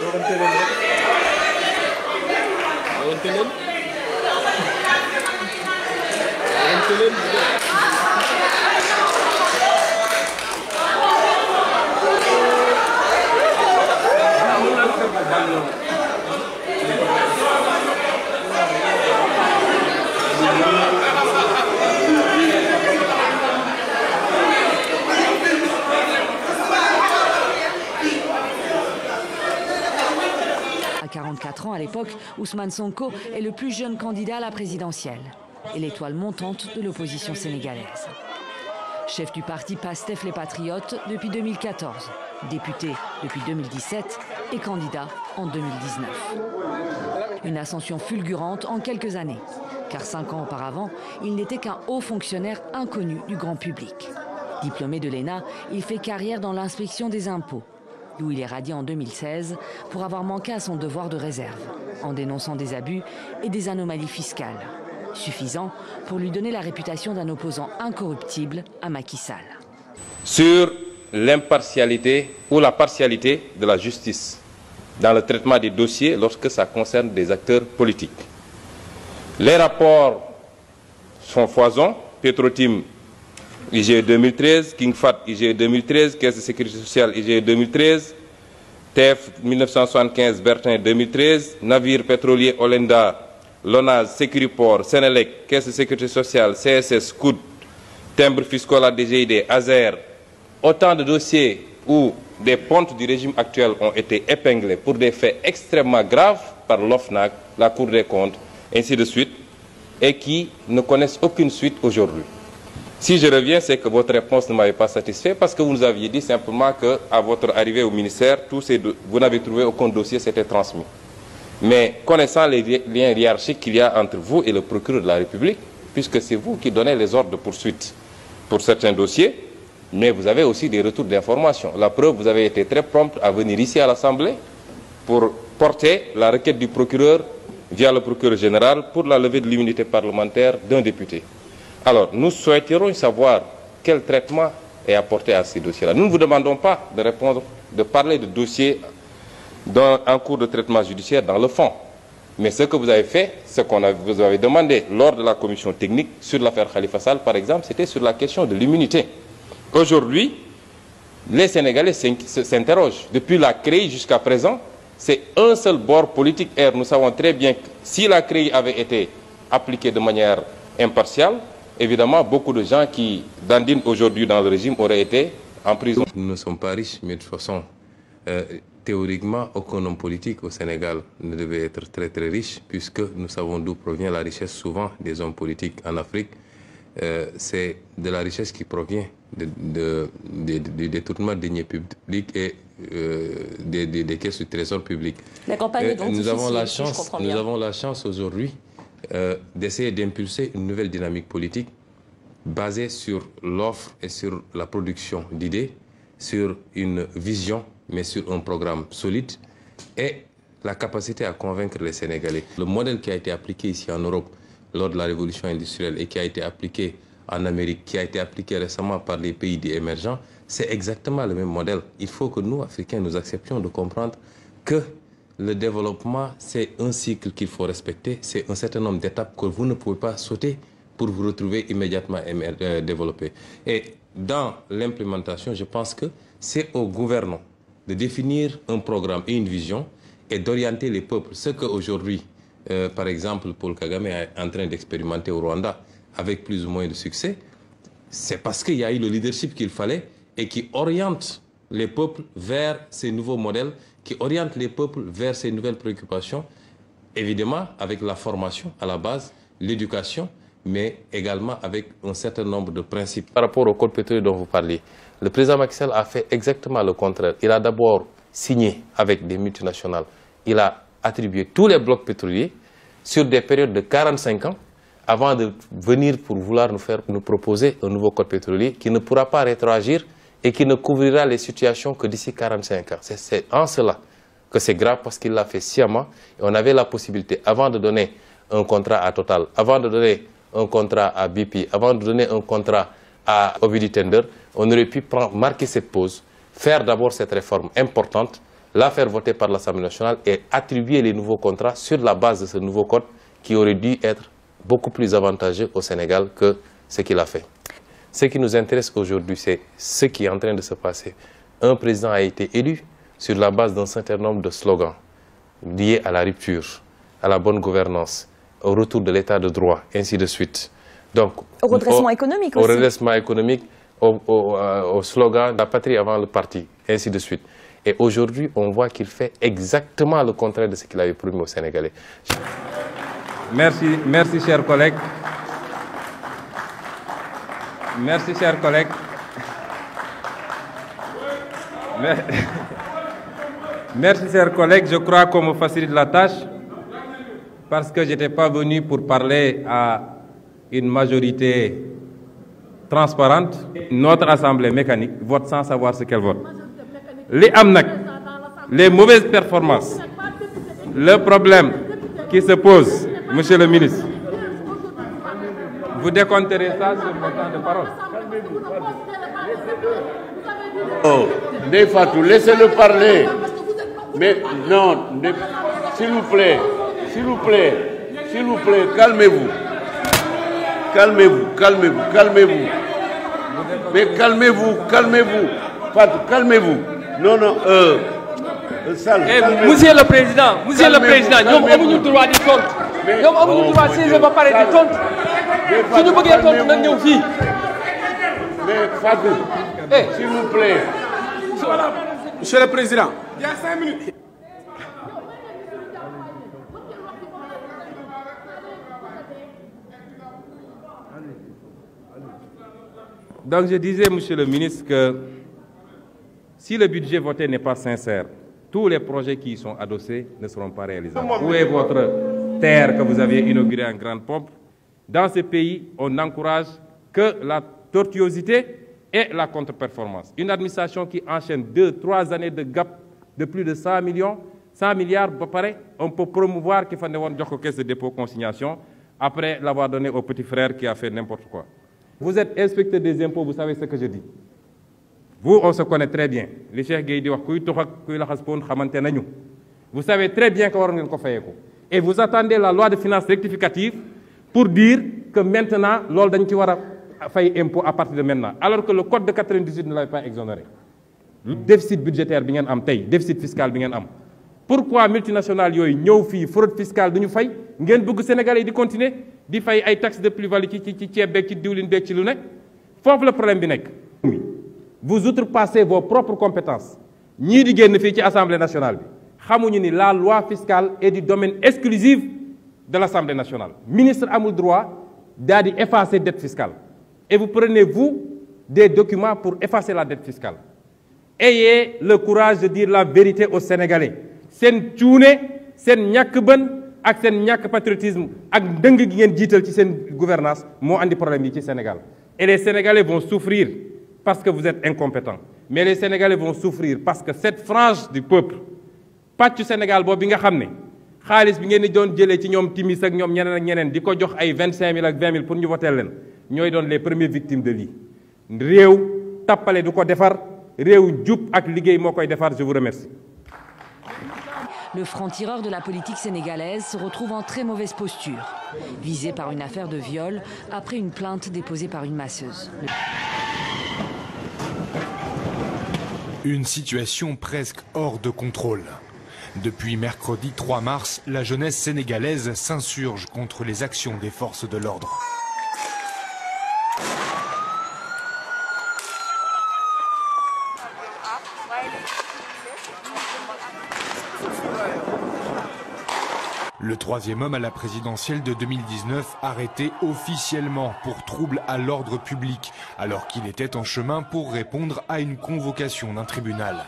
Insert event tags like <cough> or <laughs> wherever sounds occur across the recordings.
doon tëleel rek Thank you. l'époque, Ousmane Sonko est le plus jeune candidat à la présidentielle et l'étoile montante de l'opposition sénégalaise. Chef du parti PASTEF Les Patriotes depuis 2014, député depuis 2017 et candidat en 2019. Une ascension fulgurante en quelques années, car cinq ans auparavant, il n'était qu'un haut fonctionnaire inconnu du grand public. Diplômé de l'ENA, il fait carrière dans l'inspection des impôts où il est radié en 2016 pour avoir manqué à son devoir de réserve, en dénonçant des abus et des anomalies fiscales, suffisant pour lui donner la réputation d'un opposant incorruptible à Macky Sall. Sur l'impartialité ou la partialité de la justice dans le traitement des dossiers lorsque ça concerne des acteurs politiques. Les rapports sont foison. Petro IG 2013, Kingfat Fat IG 2013, Caisse de sécurité sociale IG 2013, TF 1975 Bertin 2013, Navire pétrolier Olenda, Lonaz, Sécuriport, Sénélec, Caisse de sécurité sociale, CSS, COUD, Timbre fiscal DGID, AZER. Autant de dossiers où des pontes du régime actuel ont été épinglées pour des faits extrêmement graves par l'OFNAC, la Cour des comptes, ainsi de suite, et qui ne connaissent aucune suite aujourd'hui. Si je reviens, c'est que votre réponse ne m'avait pas satisfait parce que vous nous aviez dit simplement qu'à votre arrivée au ministère, ces vous n'avez trouvé aucun dossier, c'était transmis. Mais connaissant les liens hiérarchiques qu'il y a entre vous et le procureur de la République, puisque c'est vous qui donnez les ordres de poursuite pour certains dossiers, mais vous avez aussi des retours d'informations. La preuve, vous avez été très prompt à venir ici à l'Assemblée pour porter la requête du procureur via le procureur général pour la levée de l'immunité parlementaire d'un député. Alors, nous souhaiterons savoir quel traitement est apporté à ces dossiers-là. Nous ne vous demandons pas de répondre, de parler de dossiers dans, en cours de traitement judiciaire dans le fond. Mais ce que vous avez fait, ce qu'on vous avez demandé lors de la commission technique sur l'affaire Khalifa Sall, par exemple, c'était sur la question de l'immunité. Aujourd'hui, les Sénégalais s'interrogent. Depuis la CRI jusqu'à présent, c'est un seul bord politique. nous savons très bien que si la CRI avait été appliquée de manière impartiale, évidemment, beaucoup de gens qui dandinent aujourd'hui dans le régime auraient été en prison. Nous ne sommes pas riches, mais de toute façon, euh, théoriquement, aucun homme politique au Sénégal ne devait être très très riche, puisque nous savons d'où provient la richesse souvent des hommes politiques en Afrique. Euh, c'est de la richesse qui provient de, de, de, du détournement des deniers publics et euh, des, caisses du trésor public. nous avons la chance, Nous avons la chance aujourd'hui euh, d'essayer d'impulser une nouvelle dynamique politique basée sur l'offre et sur la production d'idées, sur une vision, mais sur un programme solide et la capacité à convaincre les Sénégalais. Le modèle qui a été appliqué ici en Europe lors de la révolution industrielle et qui a été appliqué en Amérique, qui a été appliqué récemment par les pays des émergents, c'est exactement le même modèle. Il faut que nous, Africains, nous acceptions de comprendre que le développement, c'est un cycle qu'il faut respecter. C'est un certain nombre d'étapes que vous ne pouvez pas sauter pour vous retrouver immédiatement euh, développé. Et dans l'implémentation, je pense que c'est au gouvernement de définir un programme et une vision et d'orienter les peuples. Ce qu'aujourd'hui, euh, par exemple, Paul Kagame est en train d'expérimenter au Rwanda avec plus ou moins de succès, c'est parce qu'il y a eu le leadership qu'il fallait et qui oriente les peuples vers ces nouveaux modèles qui oriente les peuples vers ces nouvelles préoccupations, évidemment avec la formation à la base, l'éducation, mais également avec un certain nombre de principes. Par rapport au code pétrolier dont vous parlez, le président Maxel a fait exactement le contraire. Il a d'abord signé avec des multinationales. Il a attribué tous les blocs pétroliers sur des périodes de 45 ans avant de venir pour vouloir nous, faire, nous proposer un nouveau code pétrolier qui ne pourra pas rétroagir et qui ne couvrira les situations que d'ici 45 ans. C'est en cela que c'est grave parce qu'il l'a fait sciemment. Et on avait la possibilité, avant de donner un contrat à Total, avant de donner un contrat à BP, avant de donner un contrat à Obiditender, on aurait pu marquer cette pause, faire d'abord cette réforme importante, la faire voter par l'Assemblée nationale et attribuer les nouveaux contrats sur la base de ce nouveau code qui aurait dû être beaucoup plus avantageux au Sénégal que ce qu'il a fait. Ce qui nous intéresse aujourd'hui, c'est ce qui est en train de se passer. Un président a été élu sur la base d'un certain nombre de slogans liés à la rupture, à la bonne gouvernance, au retour de l'état de droit, ainsi de suite. Donc, au redressement économique aussi. Au redressement économique, au, au, euh, au slogan « la patrie avant le parti », ainsi de suite. Et aujourd'hui, on voit qu'il fait exactement le contraire de ce qu'il avait promis aux Sénégalais. Merci, merci chers collègues. Merci, chers collègues. <laughs> Merci, chers collègues. Je crois qu'on me facilite la tâche parce que je n'étais pas venu pour parler à une majorité transparente. Notre assemblée mécanique vote sans savoir ce qu'elle vote. Les AMNAC, les mauvaises performances, le problème qui se pose, monsieur le ministre, vous décompterez ça sur le temps de parole. Oh, Fatou, laissez-le parler. Mais non, s'il vous plaît, s'il vous plaît, s'il vous plaît, calmez-vous. Calmez-vous, calmez-vous, calmez-vous. Mais calmez-vous, calmez-vous. Fatou, calmez-vous. Non, non, euh. euh eh, vous monsieur le Président, Monsieur le Président, nous avons le droit de tonte. Nous avons le droit de eh. s'il vous plaît. monsieur le président. il y a cinq minutes. Donc je disais, Monsieur le ministre, que si le budget voté n'est pas sincère, tous les projets qui y sont adossés ne seront pas réalisés. Où est votre terre que vous aviez inaugurée en grande pompe dans ce pays, on n'encourage que la tortuosité et la contre-performance. Une administration qui enchaîne deux, trois années de gap de plus de 100 millions, 100 milliards, on peut promouvoir qu'il faut une caisse de dépôt consignation après l'avoir donné au petit frère qui a fait n'importe quoi. Vous êtes inspecteur des impôts, vous savez ce que je dis. Vous, on se connaît très bien. Les Vous savez très bien qu'on Et vous attendez la loi de finances rectificative pour dire que maintenant loolu dañ ci war a fay impôt à partir de maintenant alors que le code de 98 ne l'avait pas exonéré Le hmm? déficit budgétaire bi ngeen am le déficit fiscal bi am pourquoi multinationales yooyu ñeu fi fraude fiscale duñu fay ngeen bëgg Sénégalais de di continuer di fay ay taxes de plus-value ci ci ci ceeb beeg ci diwlin beeg ci lu nek problème bi vous outrepassez vos propres compétences ñi di génn fi ci assemblée nationale bi xamuñu ni la loi fiscale est du domaine exclusif de l'Assemblée nationale ministre le droit d'effacer la dette fiscale et vous prenez vous des documents pour effacer la dette fiscale ayez le courage de dire la vérité aux Sénégalais Sen cuune sen ñàkk ak sen ñàkk patriotisme ak gi gouvernance mo andi problème Sénégal et les Sénégalais vont souffrir parce que vous êtes incompétents mais les Sénégalais vont souffrir parce que cette frange du peuple pas du Sénégal Bobinga bi xaalis bi ngeen doon jëlee ci ñom timis ak ñom ñeneen ak ñeneen diko jox ay 25000 ak 20000 pour ñu voter leen ñoy doon les premières victimes de vie. réew tapalé duko défar réew jub ak liggéey moo koy je vous remercie. Le franc-tireur de la politique sénégalaise se retrouve en très mauvaise posture, visé par une affaire de viol après une plainte déposée par une masseuse. Une situation presque hors de contrôle. Depuis mercredi 3 mars, la jeunesse sénégalaise s'insurge contre les actions des forces de l'ordre. Le troisième homme à la présidentielle de 2019 arrêté officiellement pour trouble à l'ordre public alors qu'il était en chemin pour répondre à une convocation d'un tribunal.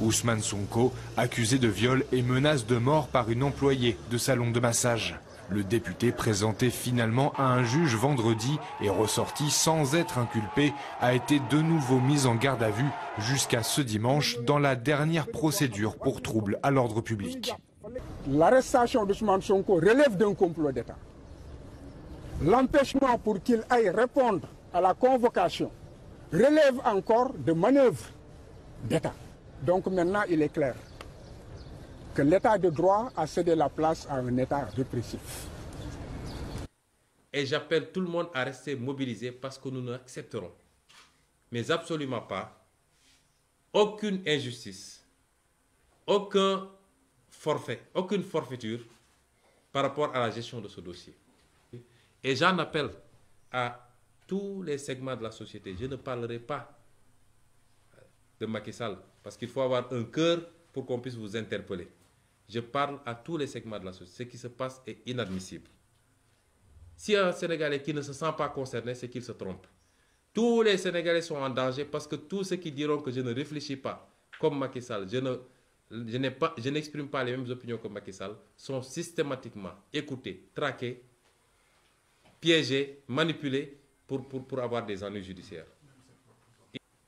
Ousmane Sonko, accusé de viol et menace de mort par une employée de salon de massage. Le député présenté finalement à un juge vendredi et ressorti sans être inculpé a été de nouveau mis en garde à vue jusqu'à ce dimanche dans la dernière procédure pour trouble à l'ordre public. L'arrestation d'Ousmane Sonko relève d'un complot d'État. L'empêchement pour qu'il aille répondre à la convocation relève encore de manœuvres d'État. Donc maintenant, il est clair que l'état de droit a cédé la place à un état répressif. Et j'appelle tout le monde à rester mobilisé parce que nous n'accepterons, mais absolument pas, aucune injustice, aucun forfait, aucune forfaiture par rapport à la gestion de ce dossier. Et j'en appelle à tous les segments de la société. Je ne parlerai pas de Macky Sall parce qu'il faut avoir un cœur pour qu'on puisse vous interpeller. Je parle à tous les segments de la société. Ce qui se passe est inadmissible. Si un Sénégalais qui ne se sent pas concerné, c'est qu'il se trompe. Tous les Sénégalais sont en danger parce que tous ceux qui diront que je ne réfléchis pas comme Macky Sall, je n'exprime pas, les mêmes opinions que Macky Sall, sont systématiquement écoutés, traqués, piégés, manipulés pour avoir des ennuis judiciaires.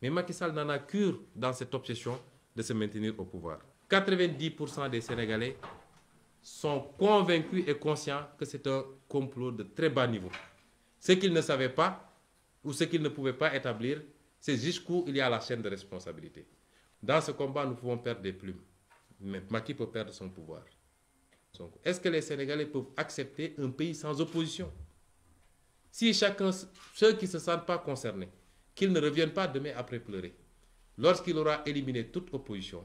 Mais Macky Sall n'en a cure dans cette obsession de se maintenir au pouvoir. 90% des Sénégalais sont convaincus et conscients que c'est un complot de très bas niveau. Ce qu'ils ne savaient pas ou ce qu'ils ne pouvaient pas établir, c'est jusqu'où il y a la chaîne de responsabilité. Dans ce combat, nous pouvons perdre des plumes, mais Macky peut perdre son pouvoir. Est-ce que les Sénégalais peuvent accepter un pays sans opposition Si chacun, ceux qui ne se sentent pas concernés, qu'il ne revienne pas demain après pleurer. Lorsqu'il aura éliminé toute opposition,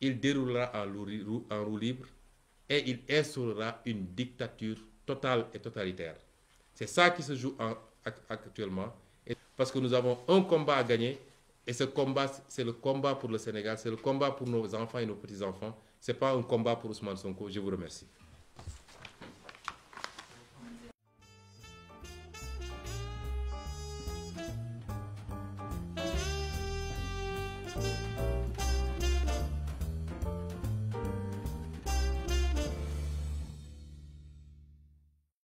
il déroulera en roue libre et il instaurera une dictature totale et totalitaire. C'est ça qui se joue actuellement. parce que nous avons un combat à gagner et ce combat, c'est le combat pour le Sénégal, c'est le combat pour nos enfants et nos petits-enfants. Ce n'est pas un combat pour Ousmane Sonko. Je vous remercie.